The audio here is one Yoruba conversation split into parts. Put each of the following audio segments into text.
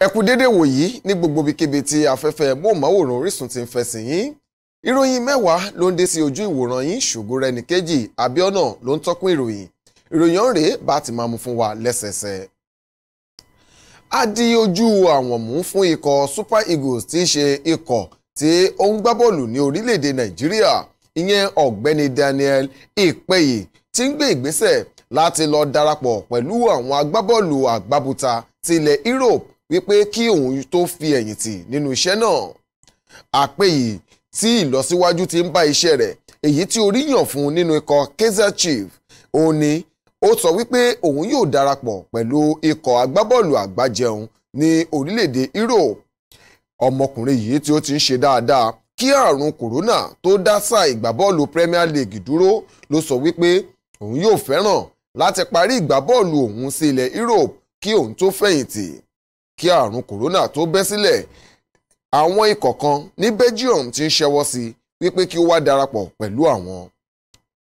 ẹ kú dédé wòyí ní gbogbo ibikíbi tí afẹ́fẹ́ móhùnmáwòrán Orísun ti ń fẹsẹ̀ yín ìròyìn mẹ́wàá ló ń dé sí ojú ìwòran yín Ṣògorẹ́nìkejì Abíọ́nà ló ń tọ́kùn ìròyìn ìròyìn ọ̀rẹ́ bá ti máa mú fún wa lẹ́sẹẹsẹ. a di ojú àwọn mú fún ikọ̀ Super Eagles tí í ṣe ikọ̀ tí ó ń gbá bọ́ọ̀lù ní orílẹ̀-èdè Nàìjíríà ìyẹn ọ̀gbẹ́ni Daniel Ìpẹ́yì tí ń gbé ìgbésẹ̀ láti lọ darapọ̀ pẹ̀lú àwọn agbábọ́ọ̀lù àgbábuta ti Europe wípé kí òun tó fi ẹ̀yìn tì nínú iṣẹ́ náà àpè yìí tí ìlọsíwájú ti ń bá iṣẹ́ rẹ̀ èyí tí orí yàn fún nínú ikọ̀ Kaizer Chiefs òun ni ó sọ wípé òun yóò darapọ̀ pẹ̀lú ikọ̀ agbábọ́ọ̀lù àgbájẹun ní orílẹ̀-èdè Europe ọmọkùnrin yìí tí ó ti ń ṣe dáadáa kí àrùn kòrónà tó dá sáà ìgbàbọ́ọ̀lù Premier League dúró ló sọ wípé òun yóò fẹ́ràn láti parí ìgbàbọ́ọ̀lù òun sí ilẹ̀ Europe kí òun tó fẹ̀yìntì kí àrùn kòrónà tó bẹ́ sílẹ̀ àwọn ikọ̀ kan ní Belgium ti ń ṣẹ́wọ́ sí wípé kí ó wá darapọ̀ pẹ̀lú àwọn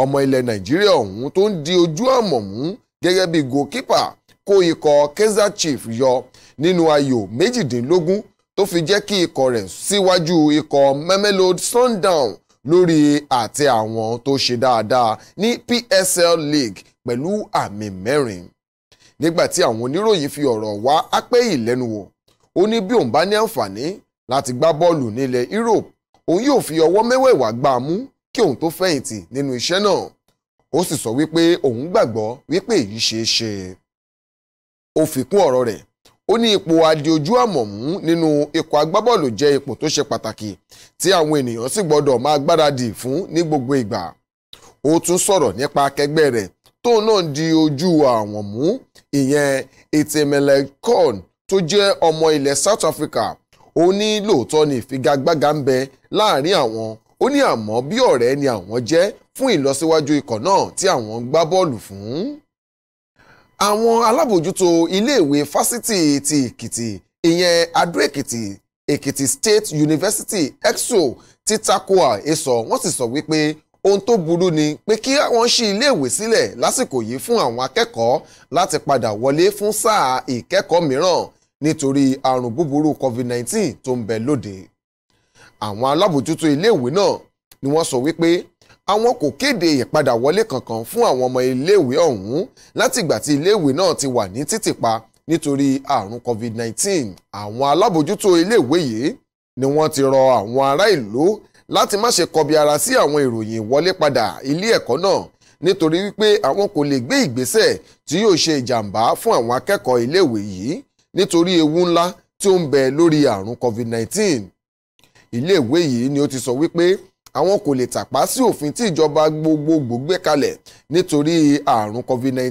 ọmọ ilẹ̀ Nàìjíríà ọ̀hún tó ń di ojú àmọ̀ mú gẹ́gẹ́ bí goalkeeper kó ikọ̀ Kaizer Chiefs yọ nínú ayò méjìdínlógún tó fi jẹ́ kí ikọ̀ rẹ̀ síwájú ikọ̀ Mamelodi Sundown lórí àti àwọn tó ṣe dáadáa ní PSL League pẹ̀lú àmì mẹ́rin nígbà tí àwọn oníròyìn fi ọ̀rọ̀ wá Apẹ́yì lẹ́nu wò ó ní bí òun bá ní àǹfààní láti gbá bọ́ọ̀lù nílẹ̀ Europe òun yóò fi ọwọ́ mẹ́wẹ̀ẹ̀wá gbá a mú kí òun tó fẹ̀yìntì nínú iṣẹ́ náà ó sì sọ wípé òun gbàgbọ́ wípé èyí ṣeé ṣe ó fi kún ọ̀rọ̀ rẹ̀ ó ní ipò adiojú àmọ̀mú nínú ikọ̀ agbábọ́ọ̀lù jẹ́ ipò tó ṣe pàtàkì tí àwọn ènìyàn sì gbọ́dọ̀ máa gbáradì fún ní gbogbo ìgbà ó tún sọ̀rọ̀ nípa akẹgbẹ́ rẹ̀ tóun náà di ojú àwọn mú ìyẹn Etemele Coone tó jẹ́ ọmọ ilẹ̀ South Africa ó ní lóòótọ́ ni ìfigagbága ń bẹ láàrin àwọn ó ní àmọ́ bí ọ̀rẹ́ ni àwọn jẹ́ fún ìlọsíwájú ikọ̀ náà tí àwọn ń gbá bọ́ọ̀lù fún. àwọn alábòjútó iléèwé fásitì ti Èkìtì ìyẹn Adó Èkìtì Èkìtì State University exo ti tako àhesọ wọ́n sì sọ wípé ohun tó burú ni pé kí wọ́n ṣí iléèwé sílẹ̀ lásìkò yìí fún àwọn akẹ́kọ̀ọ́ láti padà wọlé fún sáà ìkẹ́kọ̀ọ́ mìíràn nítorí àrùn búburú covid-19 tó ń bẹ lóde àwọn alábòjútó iléèwé náà ni wọ́n sọ wípé àwọn kò kéde ìpadàwọlé kankan fún àwọn ọmọ iléèwé ọ̀hún látìgbà tí iléèwé náà ti wà ní títìpa nítorí àrùn covid-19 àwọn alábòjútó iléèwé yìí ni wọ́n ti rọ àwọn ará ìlú láti má ṣe kọbi ara sí àwọn ìròyìn ìwọlé padà ilé ẹ̀kọ́ náà nítorí wípé àwọn kò lè gbé ìgbésẹ̀ tí yóò ṣe ìjàmbá fún àwọn akẹ́kọ̀ọ́ iléèwé yìí nítorí ewu ńlá tí ó ń bẹ lórí àrùn covid-19 iléèwé yìí ni ó ti sọ wípé àwọn kò lè tàpá sí òfin tí ìjọba gbogbogbò gbé kalẹ̀ nítorí àrùn covid-19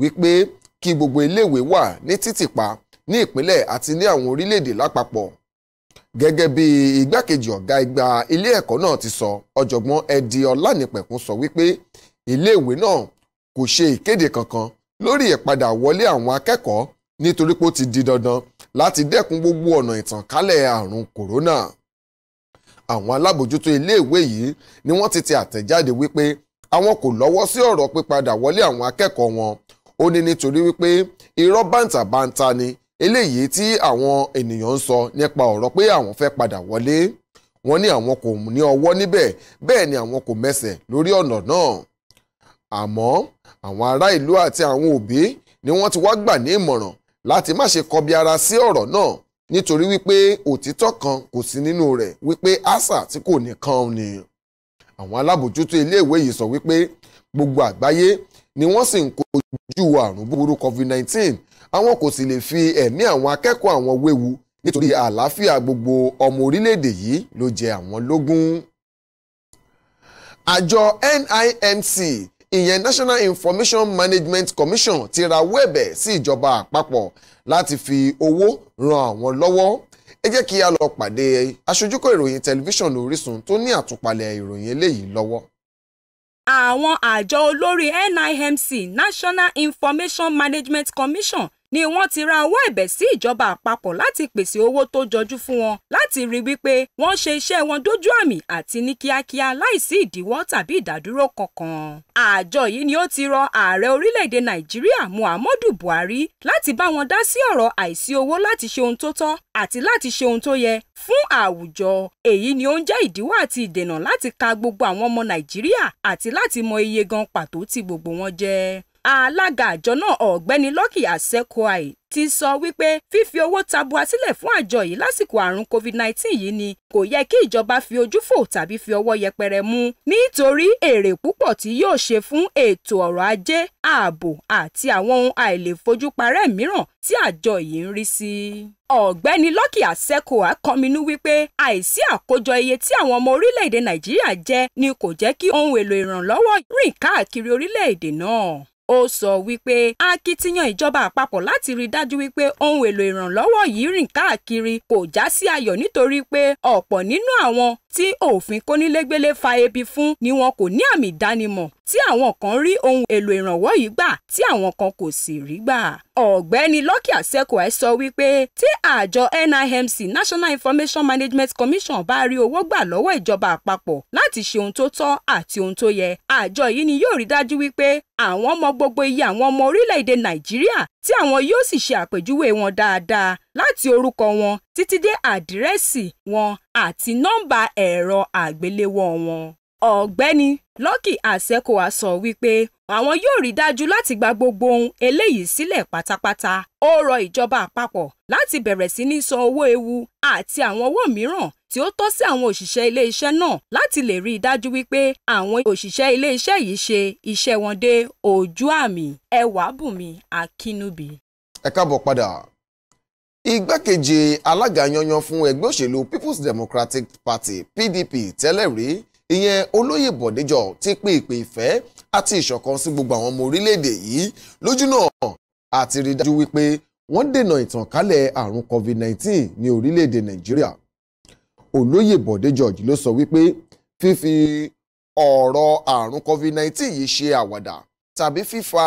wípé kí gbogbo iléèwé wà ní títìpa ní ìpínlẹ̀ àti ní àwọn orílẹ̀-èdè lápapọ̀ gẹ́gẹ́ bí igbákejì ọ̀gá igba ilé ẹ̀kọ́ náà ti sọ ọ̀jọ̀gbọ́n ẹdi ọlánìpẹ̀kún sọ wípé iléèwé náà kò ṣe ìkéde kankan lórí ìpadà wọlé àwọn akẹ́kọ̀ọ́ nítorí pé ó ti di dandan láti dẹ́kun gbogbo ọ̀nà ìtànkálẹ̀ àrùn kòrónà àwọn alábòjútó iléèwé yìí ni wọ́n ti ti àtẹ̀jáde wípé àwọn kò lọ́wọ́ sí ọ̀rọ̀ pípadà wọlé àwọn akẹ́kọ̀ọ́ wọn ó ní nítorí wípé irọ́ bàǹtàbàǹtà ni eléyìí tí àwọn ènìyàn ń sọ nípa ọ̀rọ̀ pé àwọn fẹ́ padà wọlé wọ́n ní àwọn kò ní ọwọ́ níbẹ̀ bẹ́ẹ̀ ni àwọn kò mẹsẹ̀ lórí ọ̀nà náà àmọ́ àwọn ará ìlú àti àwọn òbí ni wọ́n ti wá gbà ní ìmọ̀ràn láti má ṣe kọbi ara sí ọ̀rọ̀ náà nítorí wípé òtítọ́ kan kò sí nínú rẹ̀ wípé àṣà tí kò nìkan ni àwọn alábòjútó iléèwé yìí sọ wípé gbogbo àgbáyé ni wọ́n sì ń kojú àrùn búburú covid-19 àwọn kò sì lè fi ẹ̀mí àwọn akẹ́kọ̀ọ́ àwọn wéwu nítorí àlàáfíà gbogbo ọmọ orílẹ̀-èdè yìí ló jẹ àwọn lógún. àjọ NIMC ìyẹn National Information Management Commission ti rawọ́ ẹ̀bẹ̀ sí ìjọba àpapọ̀ láti fi owó ran àwọn lọ́wọ́ ẹ jẹ́ kí a lọ pàdé aṣojúkọ̀ ìròyìn tẹlifíṣàn Orísun tó ní àtúpalẹ̀ ìròyìn eléyìí lọ́wọ́. àwọn àjọ olórí NIMC National Information Management Commission ni wọ́n ti rawọ́ ẹ̀bẹ̀ sí ìjọba àpapọ̀ láti pèsè owó tó jọjú fún wọn láti rí wípé wọ́n ṣe iṣẹ́ wọn dójú àmì àti ní kíákíá láìsí ìdíwọ́ tàbí ìdádúró kankan. àjọ yìí ni ó ti rọ ààrẹ orílẹ̀-èdè nàìjíríà muhammadu buhari láti bá wọn dá sí ọ̀rọ̀ àìsí owó láti ṣe ohun tó tọ́ àti láti ṣe ohun tó yẹ fún àwùjọ èyí ni ó ń jẹ́ ìdíwọ́ àti ìdènà láti ka gbogbo àwọn ọmọ nàìjíríà àti láti mọ iye gan pàtó tí gbogbo wọn jẹ́ alága àjọ náà ọ̀gbẹ́ni Lucky Asekwai ti sọ wípé fífi owó tabua sílẹ̀ fún àjọ yìí lásìkò àrùn COVID-19 yìí ni kò yẹ kí ìjọba fi ojú fò tàbí fi ọwọ́ yẹpẹrẹ mú nítorí èrè púpọ̀ tí yóò ṣe fún ètò ọrọ̀ ajé ààbò àti àwọn ohun àìlèfojúparẹ́ mìíràn tí àjọ yìí ń rí sí. Ọ̀gbẹ́ni Lucky Asekwai kọminú wípé àìsí àkójọ iye tí àwọn ọmọ orílẹ̀-èdè Nàìjíríà jẹ ni kò jẹ́ kí ohun èlò ìrànlọ́wọ́ rìn káàkiri orílẹ̀-èdè náà ó sọ wípé akitiyan ìjọba àpapọ̀ láti rí dájú wípé ohun èlò ìrànlọ́wọ́ yìí rìn káàkiri kò já sí ayọ̀ nítorí pé ọ̀pọ̀ nínú àwọn tí òfin kónílégbélé fa ebi fún ni wọn kò ní àmì ìdánimọ̀ tí àwọn kan rí ohun èlò ìrànwọ́ yìí gbà tí àwọn kan kò sì rí gbà. ọ̀gbẹ́ni Lucky Asekwue sọ wípé tí àjọ NIMC National Information Management Commission bá rí owó gbà lọ́wọ́ ìjọba àpapọ̀ láti ṣe ohun tó tọ́ àti ohun tó yẹ àjọ yìí ni yóò rí dájú wípé àwọn ọmọ gbogbo iye àwọn ọmọ orílẹ̀-èdè Nàìjíríà tí àwọn yóò sì ṣe àpèjúwe wọn dáadáa láti orúkọ wọn títí dé àdírẹ́sì wọn àti nọ́mbà ẹ̀rọ àgbéléwọ́ wọn. Ọ̀gbẹ́ni Lucky Assekoa sọ wípé àwọn yóò rí dájú láti gba gbogbo ohun eléyìí sílẹ̀ pátápátá. Ó rọ ìjọba àpapọ̀ láti bẹ̀rẹ̀ sí ní san owó ewu àti àwọn owó mìíràn tí ó tọ́ sí àwọn òṣìṣẹ́ ilé iṣẹ́ náà láti lè rí i dájú wípé àwọn òṣìṣẹ́ ilé iṣẹ́ yìí ṣe iṣẹ́ wọn dé ojú àmì. Ẹwàbùnmi Akínúbi. Ẹ káàbọ̀ padà igbákejì alága yanyan fún ẹgbẹ́ òṣèlú People's Democratic Party PDP tẹ́lẹ̀ rí ìyẹn olóyè bọ̀déjọ ti pè ìpè ìfẹ́ àti ìṣọ̀kan sí gbogbo àwọn ọmọ orílẹ̀-èdè yìí lójúnà àti rí dájú wípé wọ́n dènà ìtànkálẹ̀ àrùn covid-19 ní orílẹ̀-èdè nàìjíríà olóyè bọ̀dé george ló sọ wípé fífi ọ̀rọ̀ àrùn covid-19 yìí ṣe àwàdà tàbí fífa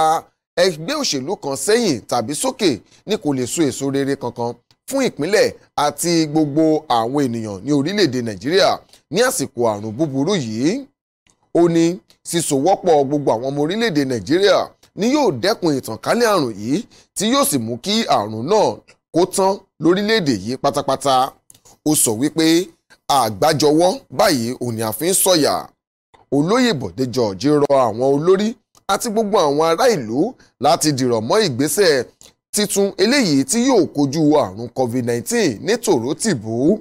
ẹgbẹ́ òṣèlú kan sẹ́yìn tàbí sókè ní kò lè so èso rere kankan fún ìpínlẹ̀ àti gbogbo àwọn ènìyàn ní orílẹ̀-èdè nàìjíríà ní àsìkò àrùn búburú yìí ó ní sísòwọ́pọ̀ gbogbo àwọn ọmọ orílẹ̀-èdè nàìjíríà ni yóò dẹ́kun ìtànkálẹ̀ àrùn yìí tí yóò sì mú kí àrùn náà kó tán lórílẹ̀-èdè yìí pátápátá ó sọ wípé àgbájọwọ́ báyìí òun ni a fi ń sọ̀yà olóyè Bọ̀dé George rọ àwọn olórí àti gbogbo àwọn ará ìlú láti dìrọ̀ mọ́ ìgbésẹ̀ titun eléyìí tí yóò kojú àrùn covid-19 nítorò tìbú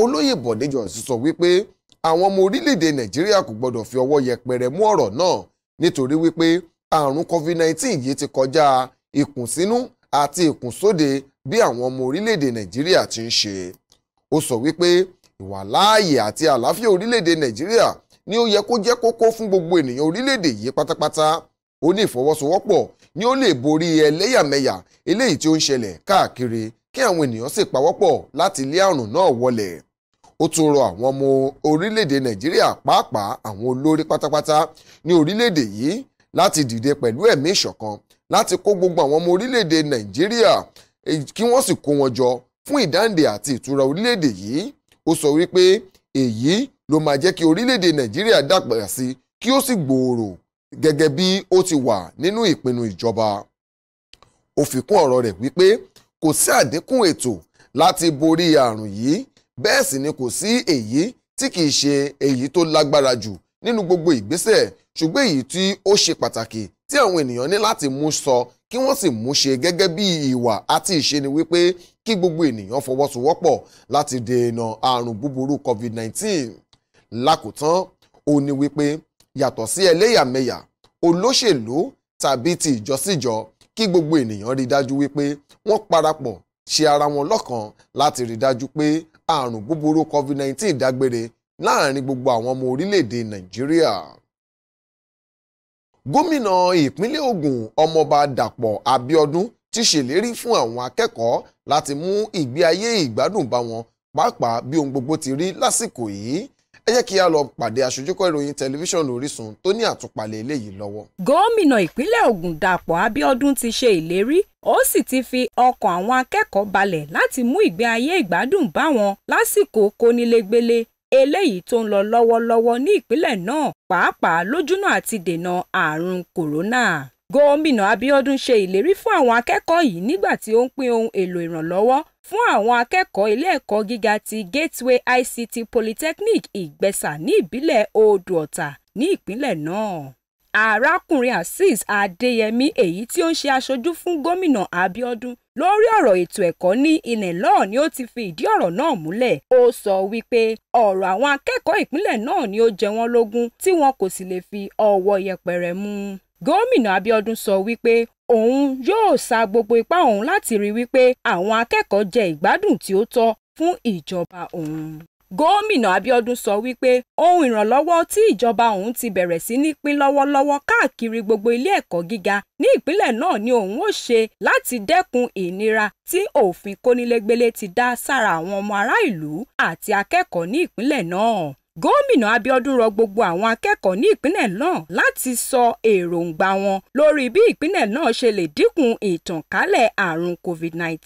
olóyè Bọ̀dé George sọ wípé àwọn ọmọ orílẹ̀-èdè Nàìjíríà kò gbọdọ̀ fi ọwọ́ yẹpẹrẹ mú ọ̀rọ̀ náà nítorí wípé àrùn covid-19 yìí ti kọjá ìkùnsínú àti ìkùnsóde bí àwọn ọmọ orílẹ̀-èdè Nàìjíríà ti ń ṣe ó sọ wípé ìwàláàyè àti àlàáfíà orílẹ̀-èdè Nàìjíríà ni ó yẹ kó jẹ́ kókó fún gbogbo ènìyàn orílẹ̀-èdè yìí pátápátá ó ní ìfọwọ́sowọ́pọ̀ ni ó lè borí ẹlẹ́yàmẹ̀yà eléyìí tí ó ń ṣẹlẹ̀ káàkiri kí àwọn ènìyàn sì pawọ́pọ̀ láti lé àrùn náà wọlẹ̀ ó tún rọ àwọn ọmọ orílẹ̀-èdè nàìjíríà pàápàá àwọn olórí pátápátá ní orílẹ̀-èdè yìí láti dìde pẹ̀lú ẹ̀mí ìṣọ̀kan láti kó gbogbo àwọn ọmọ orílẹ̀-èdè nàìjíríà kí wọ́n sì kó wọn jọ fún ìdáǹdè àti ìtura orílẹ̀-èdè yìí ó sọ wípé èyí ló máa jẹ́ kí orílẹ̀-èdè nàìjíríà dàgbà sí kí ó sì gbòòrò gẹ́gẹ́ bí ó ti wà nínú ìpinnu ìjọba ó fi kún ọ̀rọ̀ rẹ̀ wípé kò sí àdínkù ètò láti borí àrùn yìí bẹ́ẹ̀ sì ni kò sí èyí tí kìí ṣe èyí tó lágbára jù nínú gbogbo ìgbésẹ̀ ṣùgbọ́n èyí tí ó ṣe pàtàkì tí àwọn ènìyàn ní láti mú sọ kí wọ́n sì mú ṣe gẹ́gẹ́ bí ìwà àti ìṣe ni wípé kí gbogbo ènìyàn fọwọ́sowọ́pọ̀ láti dènà àrùn búburú COVID-19 lákòótán ó ní wípé yàtọ̀ sí ẹlẹ́yàmẹ̀yà olóṣèlú tàbí ti ìjọsíjọ kí gbogbo ènìyàn rí dájú wípé wọ́n parapọ̀ ṣe ara wọn lọ́kan láti rí dájú pé àrùn búburú covid-19 dágbére láàrin gbogbo àwọn ọmọ orílẹ̀-èdè nàìjíríà gómìnà ìpínlẹ̀ Ògùn ọmọọba Dàpọ̀ Abíọ́dún ti ṣèlérí fún àwọn akẹ́kọ̀ọ́ láti mú ìgbé ayé ìgbádùn bá wọn pàápàá bí ohun gbogbo ti rí lásìkò yìí ẹ jẹ́ kí a lọ pàdé aṣojúkọ̀ ìròyìn tẹlifíṣàn Orísun tó ní àtúpalẹ̀ eléyìí lọ́wọ́. gómìnà ìpínlẹ̀ Ògùn Dàpọ̀ Abíọ́dún ti ṣe ìlérí ó sì ti fi ọkàn àwọn akẹ́kọ̀ọ́ balẹ̀ láti mú ìgbé ayé ìgbádùn bá wọn lásìkò kónílégbélé eléyìí tó ń lọ lọ́wọ́lọ́wọ́ ní ìpínlẹ̀ náà pàápàá lójúnà àti dènà àrùn kòrónà. Gómìnà Abíọ́dún ṣe ìlérí fún àwọn akẹ́kọ̀ọ́ yìí nígbà tí ó ń pín ohun èlò ìrànlọ́wọ́ fún àwọn akẹ́kọ̀ọ́ ilé ẹ̀kọ́ gíga ti Gateway ICT Polytechnic Ìgbẹ́sà ní ìbílẹ̀ Odò-Ọ̀tà ní ìpínlẹ̀ náà. Arákùnrin Azeez Adéyẹmi èyí tí ó ń ṣe aṣojú fún Gómìnà Abíọ́dún lórí ọ̀rọ̀ ètò ẹ̀kọ́ ní Ìnẹ̀lọ́ọ̀ ni ó ti fi ìdí ọ̀rọ̀ náà múlẹ̀. Ó sọ wípé ọ̀rọ̀ àwọn akẹ́kọ̀ọ́ ìpínlẹ̀ náà ni ó jẹ wọ́n lógún tí wọn kò sì lè fi ọwọ́ yẹpẹrẹ mú gómìnà abiodun sọ wípé òun yóò sa gbogbo ipá òun láti rí wípé àwọn akẹ́kọ̀ọ́ jẹ ìgbádùn tí ó tọ́ fún ìjọba òun. gómìnà abiodun sọ wípé ohun ìrànlọ́wọ́ tí ìjọba òun ti bẹ̀rẹ̀ sí ní pín lọ́wọ́lọ́wọ́ káàkiri gbogbo ilé ẹ̀kọ́ gíga ní ìpínlẹ̀ náà ni òun ó ṣe láti dẹ́kun ìnira tí òfin kónílégbélé ti dá sára àwọn ọmọ ará ìlú àti akẹ́kọ̀ọ́ ní ìpínlẹ̀ náà Gómìnà Abíọ́dún rọ gbogbo àwọn akẹ́kọ̀ọ́ ní ìpínlẹ̀ náà láti sọ èròǹgbà wọn lórí bí ìpínlẹ̀ náà ṣe lè dínkù ìtànkálẹ̀ àrùn COVID-19.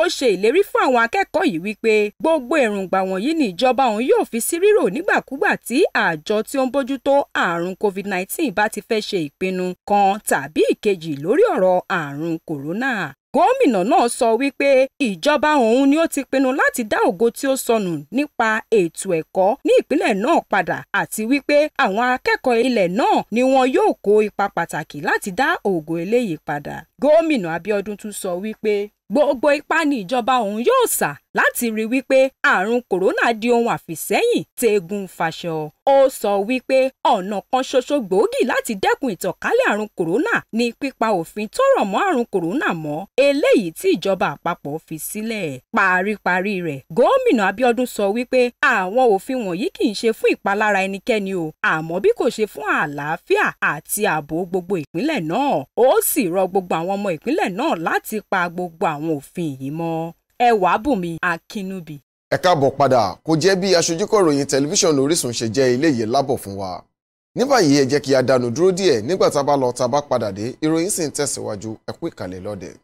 Ó ṣe ìlérí fún àwọn akẹ́kọ̀ọ́ yìí wípé gbogbo èròǹgbà wọ̀nyí ni ìjọba òun yóò fi sí rírò nígbàkúgbà tí àjọ tí ó ń bójútó àrùn COVID-19 bá ti fẹ́ ṣe ìpinnu kan tàbí ìkejì lórí ọ̀rọ̀ àrùn kòrónà gómìnà náà sọ wípé ìjọba òun ni ó ti pinnu láti dá ògo tí ó sọnù nípa ètò ẹ̀kọ́ ní ìpínlẹ̀ náà padà àti wípé àwọn akẹ́kọ̀ọ́ ilẹ̀ náà ni wọn yóò kó ipa pàtàkì láti dá ògo eléyìí padà gómìnà Abíọ́dún tún sọ wípé gbogbo ipá ni ìjọba òun yóò sà láti rí wípé àrùn kòrónà di ohun àfìsẹ́yìn tẹ́gun fàṣọ. ó sọ wípé ọ̀nà kan ṣoṣo gbòógì láti dẹ́kun ìtànkálẹ̀ àrùn kòrónà ni pípa òfin tó rọ̀ mọ́ àrùn kòrónà mọ́ eléyìí tí ìjọba àpapọ̀ fi sílẹ̀. paríparí rẹ̀ gómìnà Abíọ́dún sọ wípé àwọn òfin wọ̀nyí kì í ṣe fún ìpalára ẹnikẹ́ni o àmọ́ bí kò ṣe fún àlàáfíà àti ààbò gbogbo ìpínlẹ̀ náà àwọn ọmọ ìpínlẹ̀ náà láti pa gbogbo àwọn òfin yìí mọ́ ẹwàbùnmi akínúbì. ẹ káàbọ̀ padà kò jẹ́ bí aṣojúkọ̀ròyìn tẹlifíṣàn Orísun ṣe jẹ́ ilé yìí lábọ̀ fún wa ní báyìí ẹ jẹ́ kí a dánu dúró díẹ̀ nígbà tá a bá lọ tá a bá padà dé ìròyìn sì ń tẹ̀síwájú ẹ kú ìkàlẹ̀ lọ́dẹ̀.